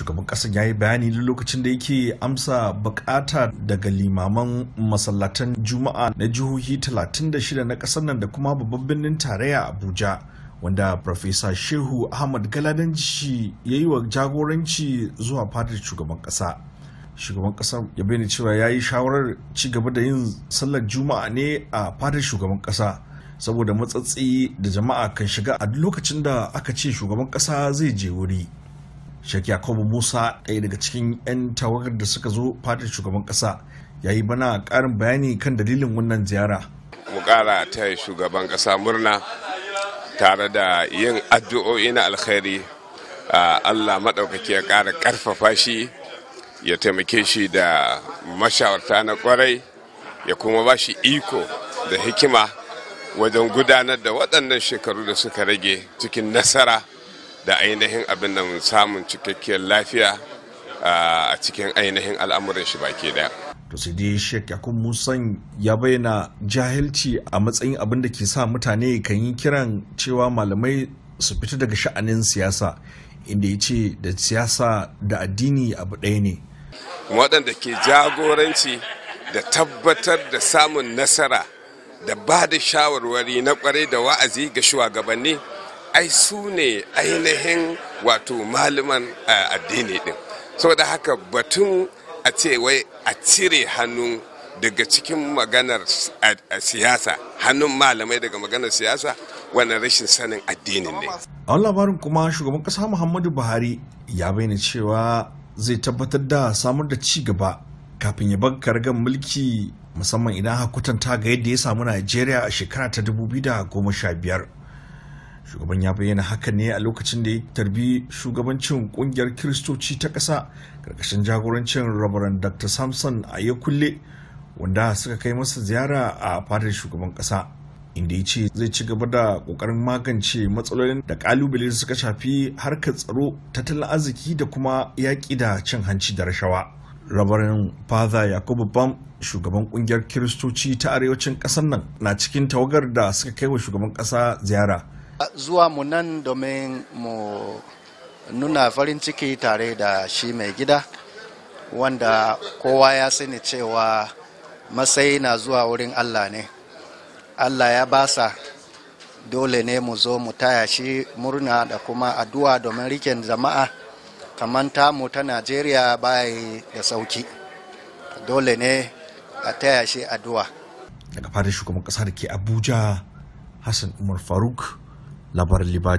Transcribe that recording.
shugaban kasan ya yi bayani lokacin da yake amsa bukata daga limaman masallatan juma'a na jihohi 36 na kasar nan da kuma babban birnin tarayya abuja wanda Profesa Shehu Ahmad Galadanci ya yi wa jagoranci zuwa fadar shugaban ƙasa. Shugaban ƙasa ya bayyana cewa ya yi shawarar ci gaba da yin sallar juma'a ne a fadar shugaban ƙasa saboda matsatsi da jama'a kan shiga a duk lokacin da aka ce shugaban ƙasa zai je wuri. Sheikh Yakubu Musa ɗaya daga cikin 'yan tawagar da suka zo fatin shugaban ƙasa ya yi bana ƙarin bayani kan dalilin wannan ziyara. Mu ƙara ta shugaban ƙasa murna tare da yin addu'o'i na alkhairi Allah maɗaukaki ya ƙara ƙarfafa shi ya taimake shi da mashawarta na kwarai ya kuma ba shi iko da hikima wajen gudanar da waɗannan shekaru da suka rage cikin nasara. da ainihin abin da samun cikakkiyar lafiya a cikin ainihin al'amuran shi baki daya. to sai dai shek yakub musan ya bayyana jahilci a matsayin abin da ke sa mutane kan yi kiran cewa malamai su fita daga sha'anin siyasa inda ya ce da siyasa da addini abu ɗaya ne waɗanda ke jagoranci da tabbatar da samun nasara da ba da shawarwari na kwarai da wa'azi ga shugabanni ai su ne ainihin wato malaman addini din saboda haka batun a ce wai a cire hannu daga cikin maganar siyasa hannun malamai daga maganar siyasa wannan rashin sanin addinin ne a wani labarin kuma shugaban kasa muhammadu buhari ya bayyana cewa zai tabbatar da samar da ci gaba kafin ya bar kargan mulki musamman idan hakutanta ga yadda ya samu najeriya a shekara ta 2015 shugaban ya bayyana haka ne a lokacin da ya tarbi shugabancin kungiyar kiristoci ta ƙasa karkashin jagorancin rabaran dr samson a ya kulle wanda suka kai masa ziyara a fadar shugaban ƙasa inda ya ce zai ci gaba da ƙoƙarin magance matsalolin da ƙalubale suka shafi harkar tsaro tattalin arziki da kuma yaƙi da cin hanci da rashawa rabarin father yakubu bam shugaban kungiyar kiristoci ta arewacin ƙasar nan na cikin tawagar da suka kai wa shugaban ƙasa ziyara zuwa mu nan domin mu nuna farin ciki tare da shi mai gida wanda kowa ya sani cewa matsayi na zuwa wurin allah ne allah ya basa dole ne mu zo mu taya shi murna da kuma addu'a domin riken jama'a kamar tamu ta najeriya bayi da sauki dole ne a taya shi addu'a daga fadar shugaban kasa da ke abuja hassan umar faruk labar liba